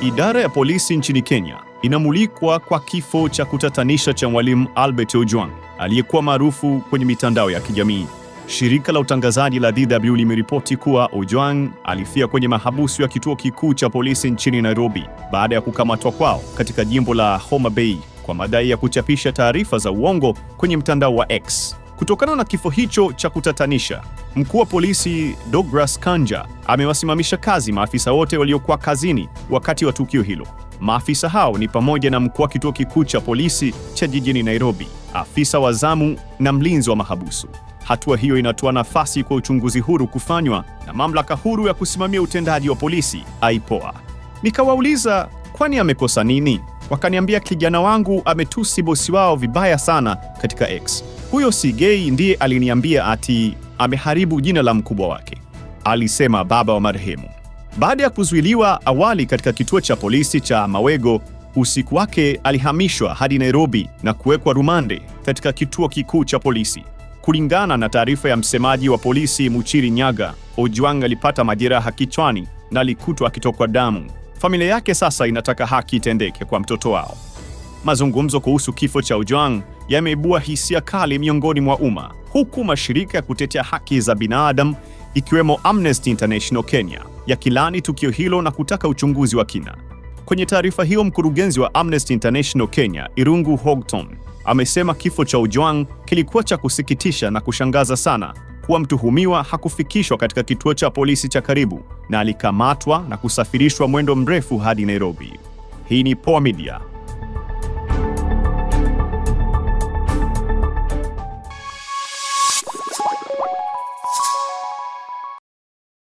Idara ya polisi nchini Kenya inamulikwa kwa kifo cha kutatanisha cha mwalimu Albert Ojwang aliyekuwa maarufu kwenye mitandao ya kijamii. Shirika la utangazaji la DW limeripoti kuwa Ojwang alifia kwenye mahabusu ya kituo kikuu cha polisi nchini Nairobi baada ya kukamatwa kwao katika jimbo la Homa Bay kwa madai ya kuchapisha taarifa za uongo kwenye mtandao wa X. Kutokana na kifo hicho cha kutatanisha, mkuu wa polisi Douglas Kanja amewasimamisha kazi maafisa wote waliokuwa kazini wakati wa tukio hilo. Maafisa hao ni pamoja na mkuu wa kituo kikuu cha polisi cha jijini Nairobi, afisa wa zamu na mlinzi wa mahabusu. Hatua hiyo inatoa nafasi kwa uchunguzi huru kufanywa na mamlaka huru ya kusimamia utendaji wa polisi IPOA. Nikawauliza, kwani amekosa nini? Wakaniambia kijana wangu ametusi bosi wao vibaya sana katika X. Huyo Sigei ndiye aliniambia ati ameharibu jina la mkubwa wake, alisema baba wa marehemu. Baada ya kuzuiliwa awali katika kituo cha polisi cha Mawego, usiku wake alihamishwa hadi Nairobi na kuwekwa rumande katika kituo kikuu cha polisi. Kulingana na taarifa ya msemaji wa polisi Muchiri Nyaga, Ojwang alipata majeraha kichwani na alikutwa akitokwa damu. Familia yake sasa inataka haki itendeke kwa mtoto wao. Mazungumzo kuhusu kifo cha Ojwang yameibua hisia kali miongoni mwa umma, huku mashirika ya kutetea haki za binadamu ikiwemo Amnesty International Kenya yakilani tukio hilo na kutaka uchunguzi wa kina. Kwenye taarifa hiyo, mkurugenzi wa Amnesty International Kenya, Irungu Houghton, amesema kifo cha Ojwang kilikuwa cha kusikitisha na kushangaza sana kuwa mtuhumiwa hakufikishwa katika kituo cha polisi cha karibu na alikamatwa na kusafirishwa mwendo mrefu hadi Nairobi. Hii ni Poa Media.